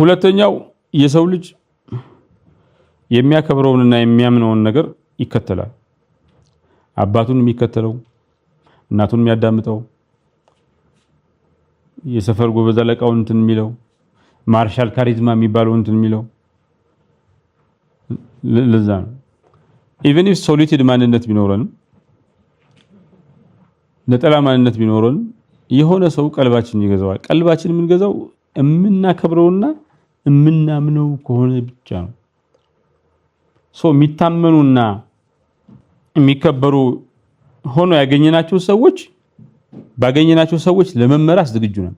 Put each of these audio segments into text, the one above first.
ሁለተኛው የሰው ልጅ የሚያከብረውንና የሚያምነውን ነገር ይከተላል። አባቱን የሚከተለው፣ እናቱን የሚያዳምጠው፣ የሰፈር ጎበዝ አለቃውን እንትን የሚለው፣ ማርሻል ካሪዝማ የሚባለው እንትን የሚለው ለዛ ነው። ኢቨን ኢፍ ሶሊቲድ ማንነት ቢኖረንም ነጠላ ማንነት ቢኖረንም የሆነ ሰው ቀልባችን ይገዛዋል። ቀልባችን የምንገዛው የምናከብረውና የምናምነው ከሆነ ብቻ ነው። ሰው የሚታመኑና የሚከበሩ ሆኖ ያገኘናቸው ሰዎች ባገኘናቸው ሰዎች ለመመራት ዝግጁ ነን።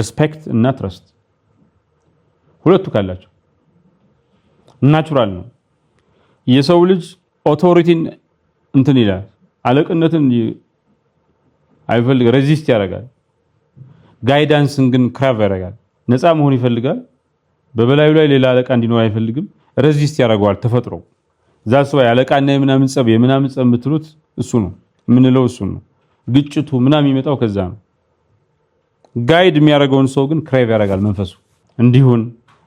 ሪስፔክት እና ትረስት ሁለቱ ካላቸው ናቹራል ነው። የሰው ልጅ ኦቶሪቲን እንትን ይላል፣ አለቅነትን አይፈልግ፣ ሬዚስት ያደርጋል። ጋይዳንስን ግን ክራቭ ያደርጋል። ነፃ መሆን ይፈልጋል። በበላዩ ላይ ሌላ አለቃ እንዲኖር አይፈልግም። ረዚስት ያደርገዋል ተፈጥሮ። እዛ ሰ አለቃና የምናምን ጸብ የምናምን ጸብ የምትሉት እሱ ነው የምንለው እሱ ነው። ግጭቱ ምናምን የሚመጣው ከዛ ነው። ጋይድ የሚያደርገውን ሰው ግን ክራይቭ ያደርጋል መንፈሱ። እንዲሁን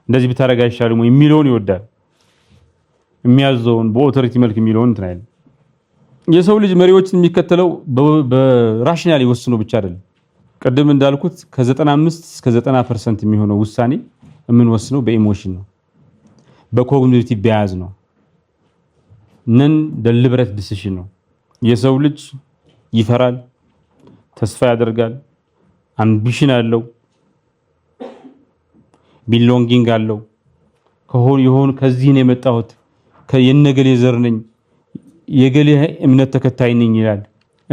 እንደዚህ ብታደርግ አይሻልም ወይ የሚለውን ይወዳል። የሚያዘውን በኦቶሪቲ መልክ የሚለውን እንትን አይልም። የሰው ልጅ መሪዎችን የሚከተለው በራሽናል ይወስኖ ብቻ አይደለም ቅድም እንዳልኩት ከ95 እስከ 90 ፐርሰንት የሚሆነው ውሳኔ የምንወስነው በኢሞሽን ነው፣ በኮግኒቲቭ በያዝ ነው፣ ነን ደልብረት ዲሲሽን ነው። የሰው ልጅ ይፈራል፣ ተስፋ ያደርጋል፣ አምቢሽን አለው፣ ቢሎንጊንግ አለው። ከሆነ የሆነ የመጣሁት የነገሌ ዘር ነኝ የገሌ እምነት ተከታይ ነኝ ይላል።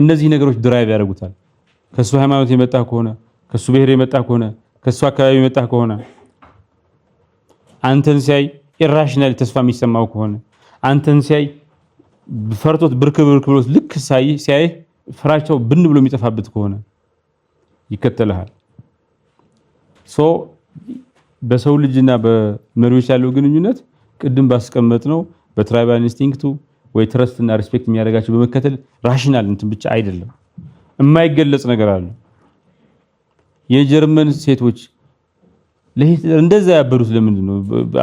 እነዚህ ነገሮች ድራይቭ ያደርጉታል። ከሱ ሃይማኖት የመጣ ከሆነ ከሱ ብሔር የመጣ ከሆነ ከሱ አካባቢ የመጣ ከሆነ አንተን ሲያይ ኢራሽናል ተስፋ የሚሰማው ከሆነ አንተን ሲያይ ፈርቶት ብርክ ብርክ ብሎት ልክ ሲያይ ፍራቸው ብን ብሎ የሚጠፋበት ከሆነ ይከተልሃል። ሶ በሰው ልጅና በመሪዎች ያለው ግንኙነት ቅድም ባስቀመጥ ነው በትራይባል ኢንስቲንክቱ ወይ ትረስትና ሪስፔክት የሚያደርጋቸው በመከተል ራሽናል እንትን ብቻ አይደለም። የማይገለጽ ነገር አለ። የጀርመን ሴቶች ለሂትለር እንደዛ ያበዱት ለምንድን ነው?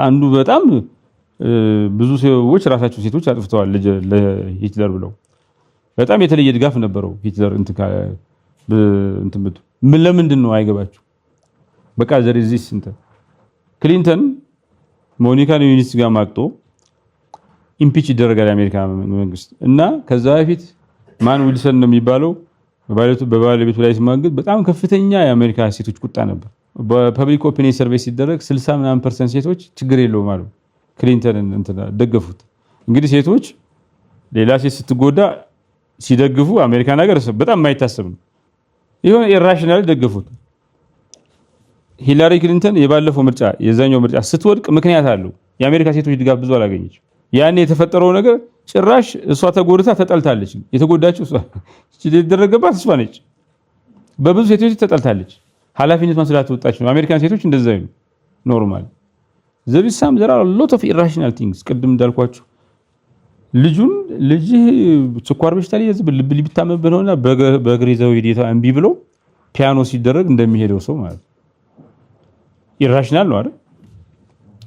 አንዱ በጣም ብዙ ሰዎች ራሳቸው ሴቶች አጥፍተዋል ለሂትለር ብለው በጣም የተለየ ድጋፍ ነበረው ሂትለር እንትን ካለ ምን ለምንድን ነው አይገባችሁ። በቃ ዘር ዚስ እንትን ክሊንተን ሞኒካ ሌዊንስኪ ጋር ማግጦ ኢምፒች ይደረጋል የአሜሪካ መንግስት እና ከዛ በፊት ማን ዊልሰን ነው የሚባለው በባለቤቱ ላይ ሲማግጥ በጣም ከፍተኛ የአሜሪካ ሴቶች ቁጣ ነበር። በፐብሊክ ኦፒኒየን ሰርቬይ ሲደረግ 60 ምናምን ፐርሰንት ሴቶች ችግር የለውም አሉ። ክሊንተንን ደገፉት። እንግዲህ ሴቶች ሌላ ሴት ስትጎዳ ሲደግፉ አሜሪካን ሀገር በጣም የማይታሰብ ነው። ይሁን ኢራሽናል ደገፉት። ሂላሪ ክሊንተን የባለፈው ምርጫ የዛኛው ምርጫ ስትወድቅ ምክንያት አለው። የአሜሪካ ሴቶች ድጋፍ ብዙ አላገኘች። ያኔ የተፈጠረው ነገር ጭራሽ እሷ ተጎድታ ተጠልታለች። የተጎዳችው እሷ የተደረገባት እሷ ነች። በብዙ ሴቶች ተጠልታለች። ኃላፊነቷን ስላልተወጣች ነው። አሜሪካን ሴቶች እንደዛ ነው ኖርማል። ዘቢሳም ዘራ ሎት ኦፍ ኢራሽናል ቲንግስ። ቅድም እንዳልኳችሁ ልጁን ልጅህ ስኳር በሽታ ላይ ያዝ ልብ ሊታመምብህ ነውና ዘው ሂዴታ እምቢ ብሎ ፒያኖ ሲደረግ እንደሚሄደው ሰው ማለት ኢራሽናል ነው አይደል?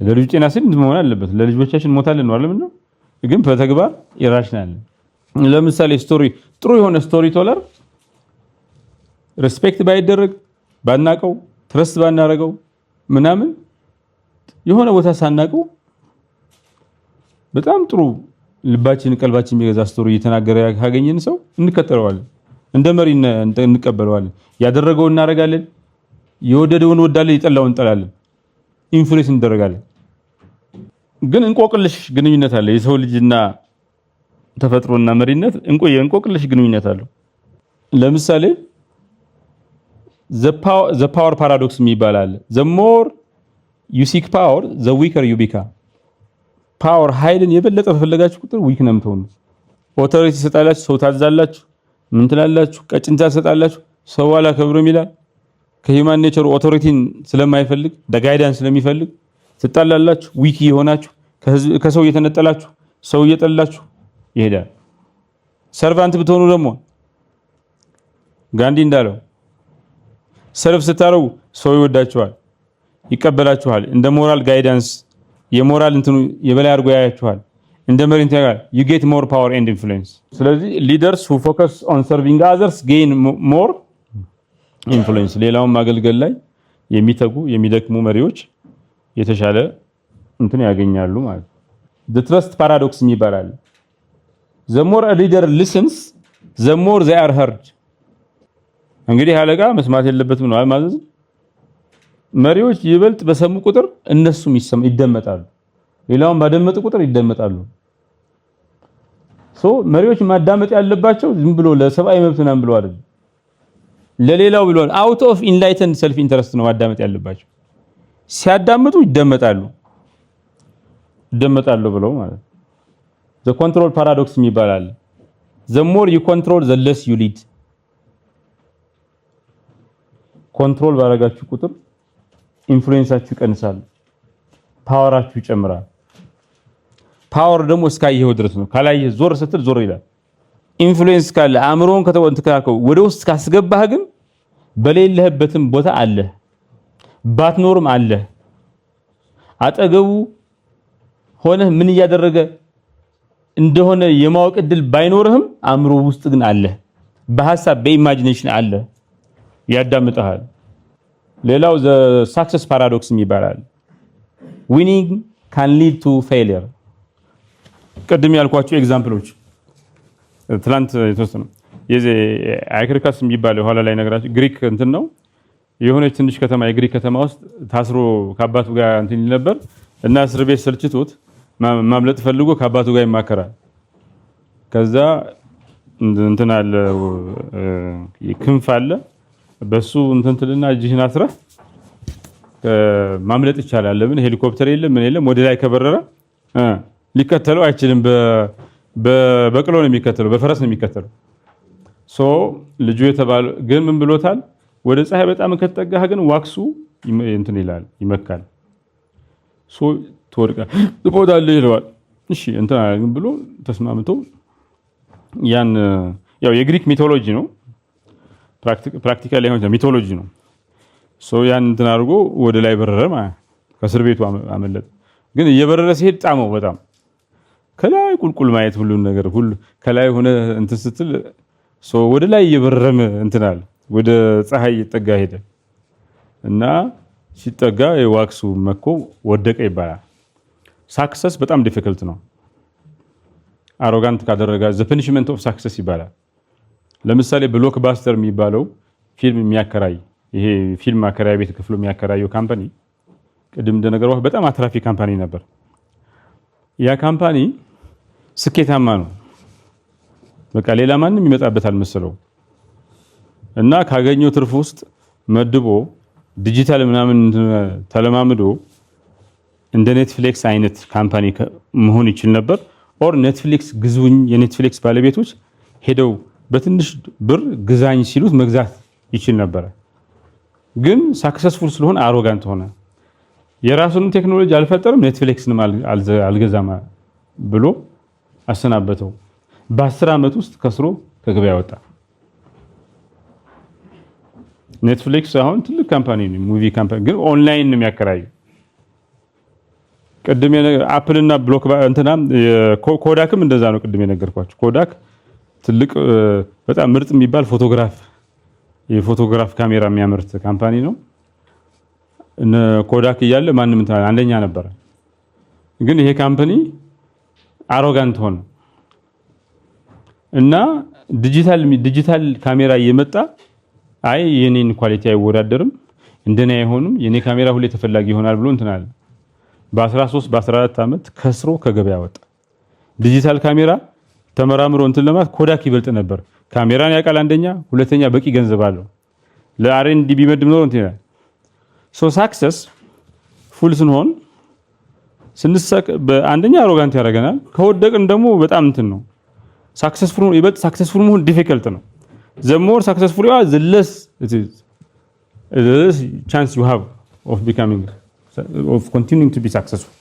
ለልጁ ጤና ስል መሆን አለበት። ለልጆቻችን ሞታለን ነው አይደል? ምንድነው ግን በተግባር ኢራሽናል። ለምሳሌ ስቶሪ ጥሩ የሆነ ስቶሪ ቶለር ሪስፔክት ባይደረግ ባናቀው ትረስት ባናረገው ምናምን የሆነ ቦታ ሳናቀው በጣም ጥሩ ልባችን ቀልባችን የሚገዛ ስቶሪ እየተናገረ ካገኘን ሰው እንከተለዋለን፣ እንደ መሪ እንቀበለዋለን። ያደረገው እናደርጋለን፣ የወደደውን ወዳለን፣ የጠላውን እንጠላለን፣ ኢንፍሉዌንስ እንደረጋለን። ግን እንቆቅልሽ ግንኙነት አለ። የሰው ልጅና ተፈጥሮና መሪነት የእንቆቅልሽ ግንኙነት አለው። ለምሳሌ ዘ ፓወር ፓራዶክስ የሚባል አለ። ዘ ሞር ዩ ሲክ ፓወር ዘ ዊከር ዩ ቢካ ፓወር ኃይልን የበለጠ በፈለጋችሁ ቁጥር ዊክ ነው የምትሆኑት። ኦቶሪቲ ትሰጣላችሁ፣ ሰው ታዛላችሁ፣ ምን ትላላችሁ፣ ቀጭንታ ትሰጣላችሁ፣ ሰው አላከብርም ይላል። ከሂውማን ኔቸር ኦቶሪቲን ስለማይፈልግ ደ ጋይዳንስ ስለሚፈልግ ትጣላላችሁ፣ ዊክ የሆናችሁ ከሰው እየተነጠላችሁ ሰው እየጠላችሁ ይሄዳል። ሰርቫንት ብትሆኑ ደግሞ ጋንዲ እንዳለው ሰርቭ ስታረው ሰው ይወዳችኋል፣ ይቀበላችኋል። እንደ ሞራል ጋይዳንስ የሞራል እንትኑ የበላይ አድርጎ ያያችኋል። እንደ መሪንት ያጋል you get more power and ስለዚህ ሊደርስ ሁ ፎከስ ኦን ሰርቪንግ አዘርስ ጌን ሞር ኢንፍሉዌንስ። ሌላውም ማገልገል ላይ የሚተጉ የሚደክሙ መሪዎች የተሻለ እንትን ያገኛሉ ማለት ነው። ዘ ትረስት ፓራዶክስ የሚባላል ዘ ሞር አ ሊደር ሊስንስ ዘ ሞር ዘይ አር ሄርድ። እንግዲህ አለቃ መስማት የለበትም ነው አልማዘዝ። መሪዎች ይበልጥ በሰሙ ቁጥር እነሱም ይደመጣሉ፣ ሌላውን ባደመጡ ቁጥር ይደመጣሉ። ሶ መሪዎች ማዳመጥ ያለባቸው ዝም ብሎ ለሰብአዊ መብት ምናምን ብሎ አይደለም፣ ለሌላው ብሎ አውት ኦፍ ኢንላይተንድ ሰልፍ ኢንተረስት ነው ማዳመጥ ያለባቸው። ሲያዳምጡ ይደመጣሉ ይደመጣሉ ብለው ማለት ዘ ኮንትሮል ፓራዶክስ የሚባላል ዘ ሞር ዩ ኮንትሮል ዘ ለስ ዩ ሊድ ኮንትሮል ባረጋችሁ ቁጥር ኢንፍሉዌንሳችሁ ይቀንሳል፣ ፓወራችሁ ይጨምራል። ፓወር ደግሞ እስካየኸው ድረስ ነው። ካላየህ ዞር ስትል ዞር ይላል። ኢንፍሉዌንስ ካለ አእምሮን ከተወንትካከው ወደ ውስጥ ካስገባህ ግን በሌለህበትም ቦታ አለህ። ባትኖርም አለ አጠገቡ ሆነህ ምን እያደረገ እንደሆነ የማወቅ እድል ባይኖርህም አእምሮ ውስጥ ግን አለ። በሀሳብ በኢማጂኔሽን አለ፣ ያዳምጠሃል። ሌላው ዘ ሳክሰስ ፓራዶክስም ይባላል። ዊኒንግ ካን ሊድ ቱ ፌሊየር። ቅድም ያልኳቸው ኤግዛምፕሎች ትላንት የተወሰነ የዚህ አይክሪካስ የሚባለው ኋላ ላይ ነገራቸው ግሪክ እንትን ነው የሆነች ትንሽ ከተማ የግሪክ ከተማ ውስጥ ታስሮ ከአባቱ ጋር እንትን ይል ነበር እና እስር ቤት ሰልችቶት ማምለጥ ፈልጎ ከአባቱ ጋር ይማከራል። ከዛ እንትን አለ ክንፍ አለ በሱ እንትን ትልና እጅህን አስረህ ማምለጥ ይቻላል። ለምን ሄሊኮፕተር የለም ምን የለም። ወደ ላይ ከበረረ ሊከተለው አይችልም። በበቅሎ ነው የሚከተለው፣ በፈረስ ነው የሚከተለው። ሶ ልጁ ግን ምን ብሎታል? ወደ ፀሐይ በጣም ከተጠጋህ ግን ዋክሱ እንትን ይላል ይመካል፣ ሶ ትወድቃለህ፣ ትሞታለህ ይለዋል። እሺ እንትን አላልክም ብሎ ተስማምቶ ያን ያው የግሪክ ሚቶሎጂ ነው፣ ፕራክቲካል ላይሆን ይችላል፣ ሚቶሎጂ ነው። ሶ ያን እንትን አድርጎ ወደ ላይ በረረ ማለት ከእስር ቤቱ አመለጠ። ግን እየበረረ ሲሄድ ጣመው በጣም ከላይ ቁልቁል ማየት ሁሉን ነገር ሁሉ ከላይ ሆነ እንትን ስትል ወደ ላይ እየበረረም እንትናል ወደ ፀሐይ እየጠጋ ሄደ እና ሲጠጋ የዋክሱ መኮ ወደቀ ይባላል። ሳክሰስ በጣም ዲፊክልት ነው። አሮጋንት ካደረጋ ዘ ፐኒሽመንት ኦፍ ሳክሰስ ይባላል። ለምሳሌ ብሎክ ባስተር የሚባለው ፊልም የሚያከራይ ይሄ ፊልም አከራይ ቤት ክፍሉ የሚያከራየው ካምፓኒ ቅድም እንደነገርኩህ በጣም አትራፊ ካምፓኒ ነበር። ያ ካምፓኒ ስኬታማ ነው። በቃ ሌላ ማንም ይመጣበት አልመስለውም። እና ካገኘው ትርፍ ውስጥ መድቦ ዲጂታል ምናምን ተለማምዶ እንደ ኔትፍሊክስ አይነት ካምፓኒ መሆን ይችል ነበር። ኦር ኔትፍሊክስ ግዙኝ፣ የኔትፍሊክስ ባለቤቶች ሄደው በትንሽ ብር ግዛኝ ሲሉት መግዛት ይችል ነበረ። ግን ሳክሰስፉል ስለሆነ አሮጋንት ሆነ። የራሱን ቴክኖሎጂ አልፈጠርም ኔትፍሊክስንም አልገዛም ብሎ አሰናበተው። በአስር ዓመት ውስጥ ከስሮ ከገበያ ወጣ። ኔትፍሊክስ አሁን ትልቅ ካምፓኒ ነው፣ ሙቪ ካምፓኒ ግን ኦንላይን ነው የሚያከራዩ። ቅድም አፕል ብሎክ እንትና ኮዳክም እንደዛ ነው። ቅድም የነገርኳቸው ኮዳክ ትልቅ በጣም ምርጥ የሚባል ፎቶግራፍ የፎቶግራፍ ካሜራ የሚያመርት ካምፓኒ ነው። ኮዳክ እያለ ማንም አንደኛ ነበረ። ግን ይሄ ካምፓኒ አሮጋንት ሆነ እና ዲጂታል ዲጂታል ካሜራ እየመጣ አይ የኔን ኳሊቲ አይወዳደርም እንደኔ አይሆንም የኔ ካሜራ ሁሌ ተፈላጊ ይሆናል ብሎ እንትናል በ በ13 በ14 ዓመት ከስሮ ከገበያ ወጣ። ዲጂታል ካሜራ ተመራምሮ እንትን ለማለት ኮዳክ ይበልጥ ነበር። ካሜራን ያውቃል አንደኛ፣ ሁለተኛ በቂ ገንዘብ አለው። ለአርኤንዲ ቢመድብ ኖሮ እንትን ይላል። ሶ ሳክሰስ ፉል ስንሆን ስንሰቅ በአንደኛ አሮጋንት ያደርገናል። ከወደቅን ደግሞ በጣም እንትን ነው። ሳክሰስፉል ይበልጥ ሳክሰስፉል መሆን ዲፊከልት ነው። ዘ ሞር ሰክሰስፉል ዩ አር ዘ ለስ ኢት ኢዝ ዘ ለስ ቻንስ ዩ ሃቭ ኦፍ ቢካሚንግ ኦፍ ኮንቲኒዩንግ ቱ ቢ ሰክሰስፉል።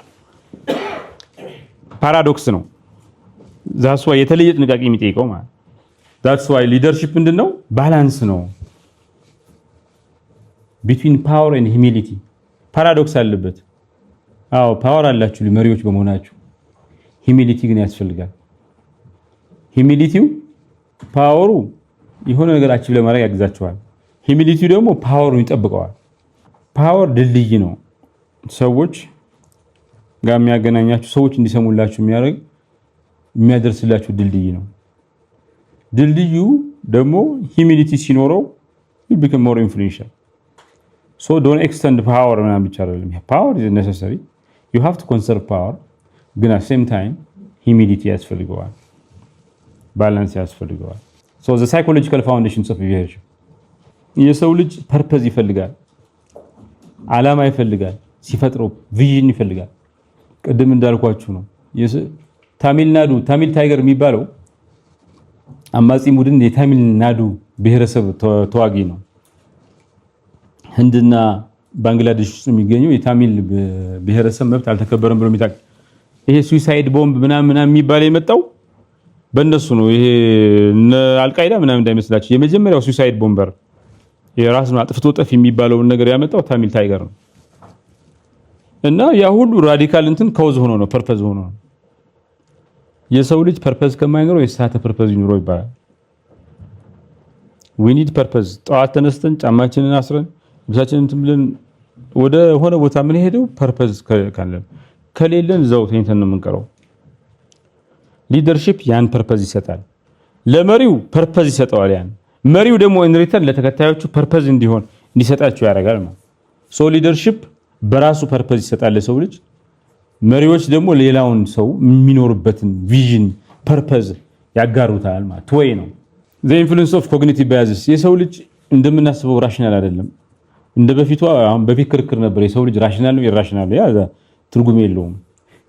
ፓራዶክስ ነው። ዛትስ ዋይ የተለየ ጥንቃቄ የሚጠይቀው ማለት ዛትስ ዋይ ሊደርሺፕ ምንድን ነው? ባላንስ ነው ቢትዊን ፓወር ኤንድ ሂሚሊቲ ፓራዶክስ አለበት። አዎ ፓወር አላችሁ መሪዎች በመሆናችሁ፣ ሂሚሊቲ ግን ያስፈልጋል። ሂሚሊቲው ፓወሩ የሆነ ነገር አቺቭ ለማድረግ ያግዛቸዋል። ሂሚሊቲ ደግሞ ፓወሩን ይጠብቀዋል። ፓወር ድልድይ ነው፣ ሰዎች ጋር የሚያገናኛችሁ ሰዎች እንዲሰሙላችሁ የሚያደርግ የሚያደርስላችሁ ድልድይ ነው። ድልድዩ ደግሞ ሂሚሊቲ ሲኖረው ቢከም ሞር ኢንፍሉዌንሻል ሶ ዶን ኤክስተንድ ፓወር ምናምን ብቻ አይደለም። ፓወር ኢዝ ነሰሰሪ ዩ ሃቭ ቱ ኮንሰርቭ ፓወር፣ ግን አት ሴም ታይም ሂሚሊቲ ያስፈልገዋል፣ ባላንስ ያስፈልገዋል። ሳይኮሎጂካል ፋውንዴሽን ኦፍ ቢሄቪየር የሰው ልጅ ፐርፐዝ ይፈልጋል፣ አላማ ይፈልጋል፣ ሲፈጥሮ ቪዥን ይፈልጋል። ቅድም እንዳልኳችሁ ነው። ታሚልናዱ ታሚል ታይገር የሚባለው አማጺ ቡድን የታሚል ናዱ ብሔረሰብ ተዋጊ ነው። ህንድና ባንግላዴሽ ውስጥ የሚገኘው የታሚል ብሔረሰብ መብት አልተከበረም ብሎ ይሄ ሱሳይድ ቦምብ ምናምን ምናምን የሚባለው የመጣው በእነሱ ነው ይሄ አልቃይዳ ምናምን እንዳይመስላችሁ። የመጀመሪያው ሱሳይድ ቦምበር የራስ አጥፍቶ ጠፍ የሚባለውን ነገር ያመጣው ታሚል ታይገር ነው እና ያ ሁሉ ራዲካል እንትን ከውዝ ሆኖ ነው ፐርፐዝ ሆኖ ነው። የሰው ልጅ ፐርፐዝ ከማይኖረው የሳተ ፐርፐዝ ይኑሮ ይባላል። ዊ ኒድ ፐርፐዝ። ጠዋት ተነስተን ጫማችንን አስረን ልብሳችንን እንትን ብለን ወደ ሆነ ቦታ ምን ሄደው ፐርፐዝ ከሌለን እዛው ተኝተን ነው የምንቀረው። ሊደርሺፕ ያን ፐርፐዝ ይሰጣል። ለመሪው ፐርፐዝ ይሰጠዋል። ያን መሪው ደግሞ ኢንሪተን ለተከታዮቹ ፐርፐዝ እንዲሆን እንዲሰጣቸው ያደርጋል ማለት ሶ ሊደርሺፕ በራሱ ፐርፐዝ ይሰጣል ለሰው ልጅ። መሪዎች ደግሞ ሌላውን ሰው የሚኖርበትን ቪዥን ፐርፐዝ ያጋሩታል ማለት ወይ ነው። ዘ ኢንፍሉዌንስ ኦፍ ኮግኒቲቭ ባያዝስ የሰው ልጅ እንደምናስበው ራሽናል አይደለም። እንደ በፊቱ አሁን በፊት ክርክር ነበር፣ የሰው ልጅ ራሽናል ነው ኢራሽናል ነው። ያ ትርጉም የለውም።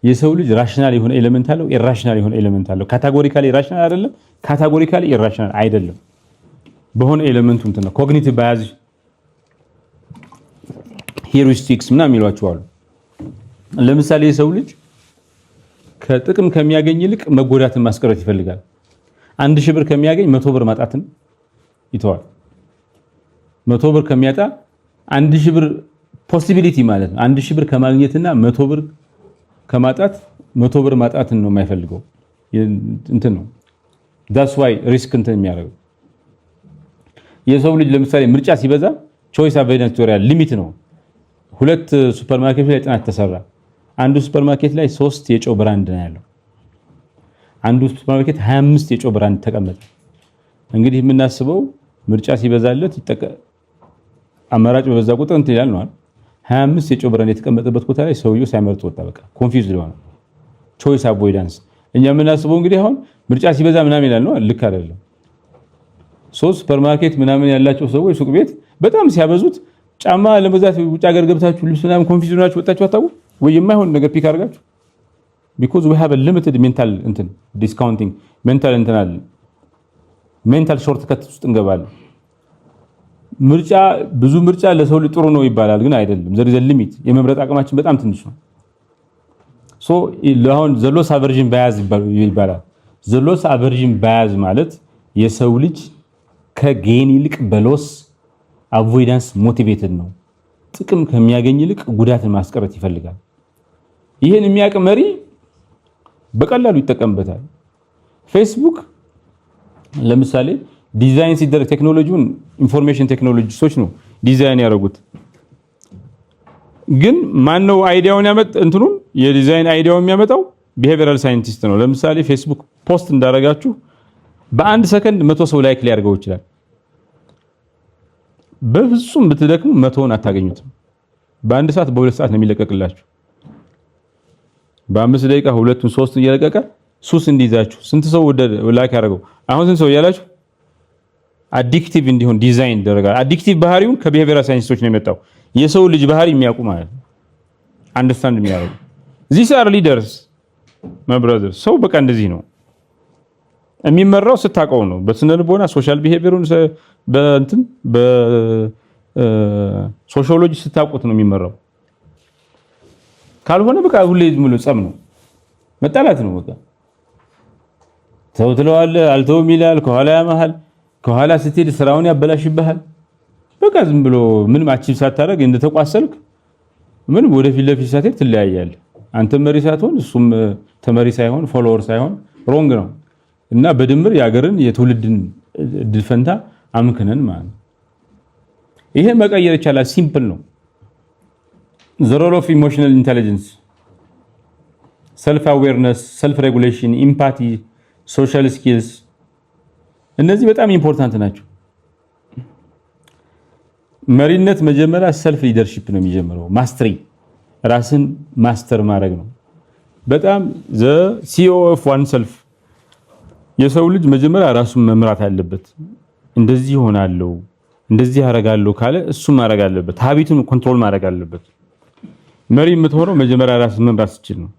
የሰው ልጅ ራሽናል የሆነ ኤሌመንት አለው፣ ኢራሽናል የሆነ ኤሌመንት አለው። ካታጎሪካሊ ራሽናል አይደለም፣ ካታጎሪካሊ ኢራሽናል አይደለም። በሆነ ኤሌመንቱ እንትን ነው። ኮግኒቲቭ ባያዝ ሂሪስቲክስ ምናምን ይሏቸው አሉ። ለምሳሌ የሰው ልጅ ከጥቅም ከሚያገኝ ይልቅ መጎዳትን ማስቀረት ይፈልጋል። አንድ ሺህ ብር ከሚያገኝ መቶ ብር ማጣትን ይተዋል። መቶ ብር ከሚያጣ አንድ ሺህ ብር ፖሲቢሊቲ ማለት ነው። አንድ ሺህ ብር ከማግኘትና መቶ ብር ከማጣት መቶ ብር ማጣት ነው የማይፈልገው። እንትን ነው ዳስ ዋይ ሪስክ እንትን የሚያደርገው የሰው ልጅ ለምሳሌ ምርጫ ሲበዛ ቾይስ አቬይለንስ ቴዎሪያል ሊሚት ነው። ሁለት ሱፐርማርኬት ላይ ጥናት ተሰራ። አንዱ ሱፐርማርኬት ላይ ሶስት የጨው ብራንድ ነው ያለው። አንዱ ሱፐርማርኬት 25 የጨው ብራንድ ተቀመጠ። እንግዲህ የምናስበው ምርጫ ሲበዛለት አማራጭ በበዛ ቁጥር እንትን ይላል ነዋል። 25 የጨው ብራንድ የተቀመጠበት ቦታ ላይ ሰውየው ሳይመርጥ ወጣ። በቃ ኮንፊውዝድ ሊሆነ ቾይስ አቮይዳንስ። እኛ የምናስበው እንግዲህ አሁን ምርጫ ሲበዛ ምናምን ይላል ነው። ልክ አይደለም። ሶስት ሱፐርማርኬት ምናምን ያላቸው ሰዎች ሱቅ ቤት በጣም ሲያበዙት ጫማ ለመግዛት ውጭ ሀገር ገብታችሁ ልብስ ምናምን ኮንፊውዝ ሆናችሁ ወጣችሁ አታውቁ ወይ? የማይሆን ነገር ፒክ አድርጋችሁ ቢኮዝ ዊ ሃቭ ሊሚትድ ሜንታል እንትን ዲስካውንቲንግ ሜንታል እንትን አለ ሜንታል ሾርት ከት ውስጥ እንገባለን። ምርጫ ብዙ ምርጫ ለሰው ጥሩ ነው ይባላል፣ ግን አይደለም። ዘር ሊሚት የመምረጥ አቅማችን በጣም ትንሽ ነው። ሶ ለአሁን ዘሎስ አቨርዥን ባያዝ ይባላል። ዘሎስ አቨርዥን ባያዝ ማለት የሰው ልጅ ከጌን ይልቅ በሎስ አቮይዳንስ ሞቲቬትድ ነው። ጥቅም ከሚያገኝ ይልቅ ጉዳትን ማስቀረት ይፈልጋል። ይህን የሚያውቅ መሪ በቀላሉ ይጠቀምበታል። ፌስቡክ ለምሳሌ ዲዛይን ሲደረግ ቴክኖሎጂውን ኢንፎርሜሽን ቴክኖሎጂስቶች ነው ዲዛይን ያደረጉት። ግን ማን ነው አይዲያውን ያመጥ እንትኑን የዲዛይን አይዲያውን የሚያመጣው ቢሄቪራል ሳይንቲስት ነው። ለምሳሌ ፌስቡክ ፖስት እንዳደረጋችሁ በአንድ ሰከንድ መቶ ሰው ላይክ ሊያደርገው ይችላል። በፍጹም ብትደክሙ መቶውን አታገኙትም። በአንድ ሰዓት በሁለት ሰዓት ነው የሚለቀቅላችሁ። በአምስት ደቂቃ ሁለቱን ሶስቱን እየለቀቀ ሱስ እንዲይዛችሁ ስንት ሰው ላይክ ያደርገው አሁን ስንት ሰው እያላችሁ አዲክቲቭ እንዲሆን ዲዛይን ይደረጋል። አዲክቲቭ ባህሪውን ከቢሄቪየራል ሳይንስቶች ነው የመጣው። የሰው ልጅ ባህሪ የሚያውቁ ማለት ነው፣ አንደርስታንድ የሚያደርጉ ዚስ አር ሊደርስ መብረዘር ሰው በቃ እንደዚህ ነው የሚመራው። ስታውቀው ነው በስነ ልቦና ሶሻል ቢሄቪየሩን በእንትን በሶሺዮሎጂ ስታውቁት ነው የሚመራው። ካልሆነ በቃ ሁሌ ሙሉ ጸም ነው፣ መጣላት ነው። በቃ ተው ትለዋለህ፣ አልተውም ይላል፣ ከኋላ ያመሃል ከኋላ ስትሄድ ስራውን ያበላሽብሃል። በቃ ዝም ብሎ ምንም አቺብ ሳታደርግ እንደተቋሰልክ ምን ወደፊት ለፊት ሳትሄድ ትለያያለህ። አንተ መሪ ሳትሆን እሱም ተመሪ ሳይሆን ፎሎወር ሳይሆን ሮንግ ነው እና በድምር የሀገርን የትውልድን እድል ፈንታ አምክነን ማለት ነው። ይሄ መቀየር ይቻላል። ሲምፕል ነው። ዘ ሮል ኦፍ ኢሞሽናል ኢንቴሊጀንስ ሰልፍ አዌርነስ፣ ሰልፍ ሬጉሌሽን፣ ኢምፓቲ፣ ሶሻል ስኪልስ እነዚህ በጣም ኢምፖርታንት ናቸው። መሪነት መጀመሪያ ሰልፍ ሊደርሺፕ ነው የሚጀምረው። ማስትሪ ራስን ማስተር ማድረግ ነው። በጣም ዘ ሲኦ ኦፍ ዋን ሰልፍ የሰው ልጅ መጀመሪያ ራሱን መምራት አለበት። እንደዚህ ይሆናለው እንደዚህ አረጋለሁ ካለ እሱ ማድረግ አለበት። ሀቢቱን ኮንትሮል ማድረግ አለበት። መሪ የምትሆነው መጀመሪያ ራስን መምራት ስችል ነው።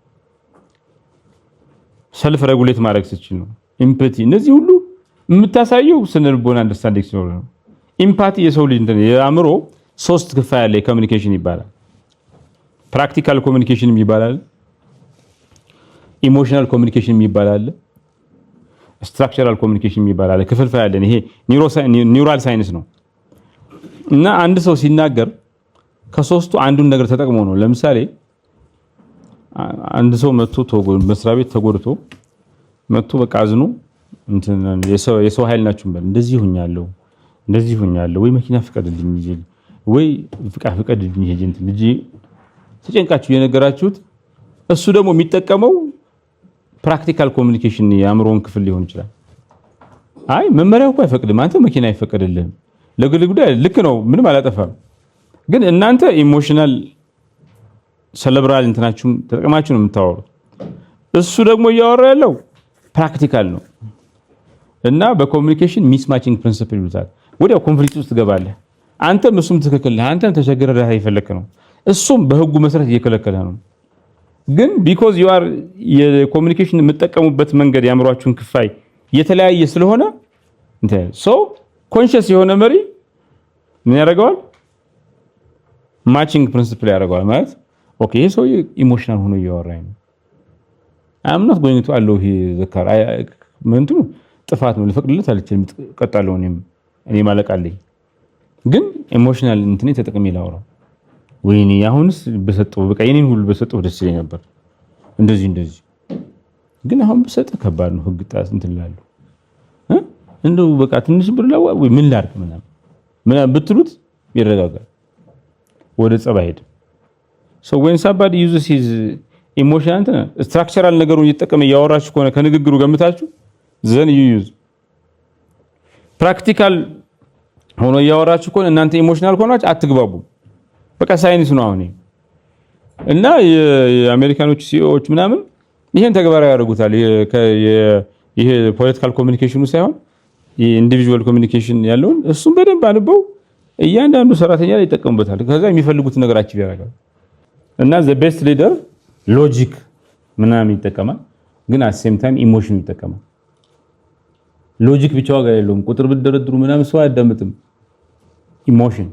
ሰልፍ ረጉሌት ማድረግ ስችል ነው። ኢምፕቲ እነዚህ ሁሉ የምታሳየው ስነ ልቦና አንደርስታንዲንግ ሲኖር ነው። ኢምፓቲ የሰው ልጅ እንትን የአእምሮ ሶስት ክፋ ያለ የኮሚኒኬሽን ይባላል። ፕራክቲካል ኮሚኒኬሽን ይባላል፣ ኢሞሽናል ኮሚኒኬሽን ይባላል፣ ስትራክቸራል ኮሚኒኬሽን ይባላል። ክፍልፋይ ያለን ይሄ ኒውራል ሳይንስ ነው እና አንድ ሰው ሲናገር ከሶስቱ አንዱን ነገር ተጠቅሞ ነው። ለምሳሌ አንድ ሰው መጥቶ መስሪያ ቤት ተጎድቶ መጥቶ በቃ አዝኖ የሰው ኃይል ናችሁ በል እንደዚህ ሆኛለሁ እንደዚህ ሆኛለሁ ወይ መኪና ፍቀድልኝ ይል ወይ ፍቃ ፍቀድልኝ ኤጀንት ልጅ ተጨንቃችሁ የነገራችሁት እሱ ደግሞ የሚጠቀመው ፕራክቲካል ኮሚኒኬሽን የአእምሮን ክፍል ሊሆን ይችላል። አይ መመሪያው እኮ አይፈቅድም፣ አንተ መኪና አይፈቀድልህም። ለግል ጉዳይ ልክ ነው፣ ምንም አላጠፋም። ግን እናንተ ኢሞሽናል ሰለብራል እንትናችሁም ተጠቅማችሁ ነው የምታወሩት። እሱ ደግሞ እያወራ ያለው ፕራክቲካል ነው። እና በኮሚኒኬሽን ሚስማችንግ ፕሪንስፕል ይሉታል። ወዲያው ኮንፍሊክት ውስጥ ትገባለህ። አንተም እሱም ትክክል ነህ። አንተም ተቸግረ እርዳታ እየፈለክ ነው፣ እሱም በህጉ መሰረት እየከለከለ ነው። ግን ቢኮዝ ዩ አር የኮሚኒኬሽን የምጠቀሙበት መንገድ የአእምሯችሁን ክፋይ የተለያየ ስለሆነ ሶ ኮንሽስ የሆነ መሪ ምን ያደርገዋል? ማቺንግ ፕሪንስፕል ያደርገዋል ማለት ይህ ሰው ኢሞሽናል ሆኖ እያወራኝ ነው። አምናት ጎኝቱ አለው ዘካር ጥፋት ነው። ልፈቅድለት አልችልም። ቀጣለሁ። እኔ ማለቃለኝ። ግን ኢሞሽናል እንትኔ ተጠቅሜ ላውራው። ወይኔ አሁንስ በሰጠው በቃ የኔን ሁሉ በሰጠው ደስ ይለኝ ነበር። እንደዚህ እንደዚህ ግን አሁን በሰጠ ከባድ ነው። ህግ ጣስ እንትን ላሉ እንደው በቃ ትንሽ ብር ላዋ ወይ ምን ላድርግ ምናምን ምናምን ብትሉት ይረጋጋል። ወደ ጸባይ ሄድ ሰው ወይን ሳባድ ዩዝ ኢሞሽናል ስትራክቸራል ነገሩን እየተጠቀመ እያወራችሁ ከሆነ ከንግግሩ ገምታችሁ ዘን ዩ ፕራክቲካል ሆኖ እያወራችሁ ከሆነ እናንተ ኢሞሽናል ከሆናችሁ አትግባቡም። በቃ ሳይንስ ነው አሁን እና የአሜሪካኖች ሲኦዎች ምናምን ይሄን ተግባራዊ ያደርጉታል። ይሄ ፖለቲካል ኮሚኒኬሽኑ ሳይሆን የኢንዲቪዥዋል ኮሚኒኬሽን ያለውን እሱም በደንብ አንበው እያንዳንዱ ሰራተኛ ላይ ይጠቀሙበታል። ከዛ የሚፈልጉት ነገር አቺቭ ያደርጋል። እና ዘ ቤስት ሊደር ሎጂክ ምናምን ይጠቀማል፣ ግን አት ሴም ታይም ኢሞሽን ይጠቀማል። ሎጂክ ብቻ ዋጋ የለውም። ቁጥር ብትደረድሩ ምናምን ሰው አያዳምጥም። ኢሞሽን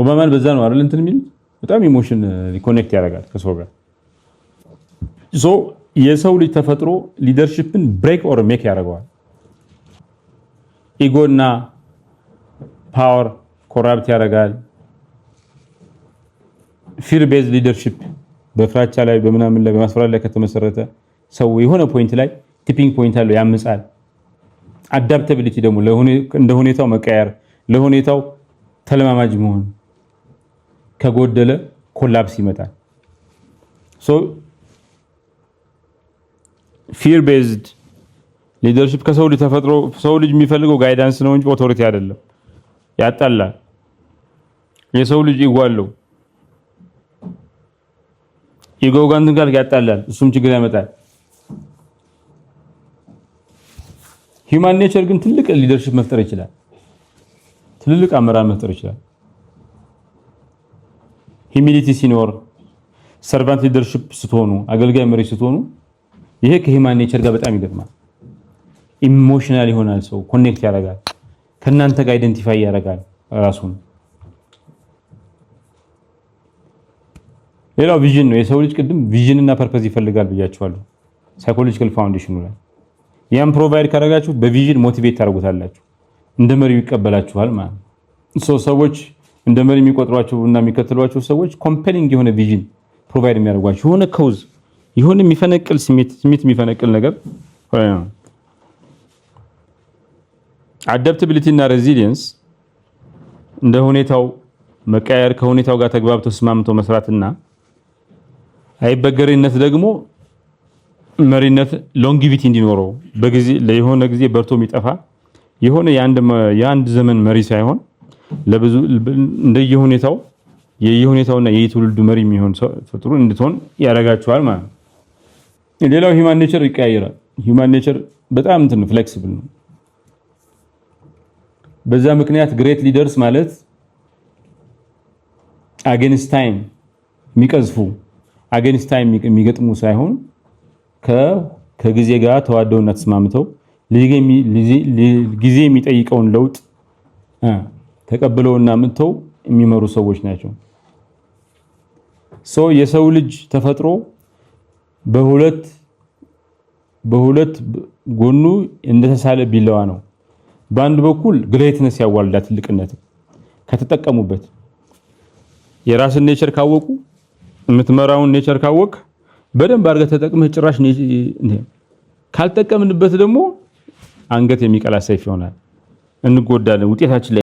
ኦባማን በዛ ነው አይደል እንትን የሚሉት በጣም ኢሞሽን ኮኔክት ያደርጋል ከሰው ጋር። ሶ የሰው ልጅ ተፈጥሮ ሊደርሺፕን ብሬክ ኦር ሜክ ያደርገዋል። ኢጎና ፓወር ኮራፕት ያደርጋል። ፊር ቤዝ ሊደርሺፕ በፍራቻ ላይ በምናምን ላይ በማስፈራሪያ ላይ ከተመሰረተ ሰው የሆነ ፖይንት ላይ ቲፒንግ ፖይንት አለው ያምጻል። አዳፕታቢሊቲ ደግሞ እንደ ሁኔታው መቀየር፣ ለሁኔታው ተለማማጅ መሆን ከጎደለ ኮላፕስ ይመጣል። ፊር ቤዝድ ሊደርሽፕ ከሰው ልጅ ተፈጥሮ ሰው ልጅ የሚፈልገው ጋይዳንስ ነው እንጂ ኦቶሪቲ አይደለም። ያጣላል። የሰው ልጅ ይጓለው ኢጎ ጋር ያጣላል። እሱም ችግር ያመጣል። ሂውማን ኔቸር ግን ትልቅ ሊደርሽፕ መፍጠር ይችላል። ትልልቅ አመራር መፍጠር ይችላል። ሂሚሊቲ ሲኖር፣ ሰርቫንት ሊደርሽፕ ስትሆኑ፣ አገልጋይ መሪ ስትሆኑ፣ ይሄ ከሂውማን ኔቸር ጋር በጣም ይገጥማል። ኢሞሽናል ይሆናል ሰው፣ ኮኔክት ያደርጋል ከእናንተ ጋር አይደንቲፋይ ያደርጋል ራሱን። ሌላው ቪዥን ነው። የሰው ልጅ ቅድም ቪዥንና ፐርፐዝ ይፈልጋል ብያቸዋለሁ ሳይኮሎጂካል ፋውንዴሽኑ ላይ ያን ፕሮቫይድ ካደረጋችሁ በቪዥን ሞቲቬት ታደርጉታላችሁ፣ እንደ መሪው ይቀበላችኋል ማለት ነው። ሰዎች እንደ መሪ የሚቆጥሯቸው እና የሚከተሏቸው ሰዎች ኮምፔሊንግ የሆነ ቪዥን ፕሮቫይድ የሚያደርጓቸው የሆነ ከውዝ የሆነ የሚፈነቅል ስሜት የሚፈነቅል ነገር አዳፕቲቢሊቲ እና ሬዚሊየንስ እንደ ሁኔታው መቀየር ከሁኔታው ጋር ተግባብቶ ተስማምቶ መስራትና አይበገሬነት ደግሞ መሪነት ሎንጊቪቲ እንዲኖረው በጊዜ ለሆነ ጊዜ በርቶ የሚጠፋ የሆነ የአንድ ዘመን መሪ ሳይሆን ለብዙ እንደየሁኔታው የየሁኔታውና የየትውልዱ መሪ የሚሆን ፍጥሩ እንድትሆን ያደርጋችኋል ማለት ነው። ሌላው ሂውማን ኔቸር ይቀያየራል። ሂውማን ኔቸር በጣም እንትን ፍሌክሲብል ነው። በዛ ምክንያት ግሬት ሊደርስ ማለት አጌንስት ታይም የሚቀዝፉ አጌንስት ታይም የሚገጥሙ ሳይሆን ከጊዜ ጋር ተዋደውና ተስማምተው ጊዜ የሚጠይቀውን ለውጥ ተቀብለውና ምተው የሚመሩ ሰዎች ናቸው። ሰው የሰው ልጅ ተፈጥሮ በሁለት በሁለት ጎኑ እንደተሳለ ቢላዋ ነው። በአንድ በኩል ግሬትነስ ያዋልዳ ትልቅነት ከተጠቀሙበት የራስን ኔቸር ካወቁ የምትመራውን ኔቸር ካወቅ በደንብ አድርገህ ተጠቅመህ ጭራሽ ካልጠቀምንበት ደግሞ አንገት የሚቀላ ሰይፍ ይሆናል፣ እንጎዳለን ውጤታችን ላይ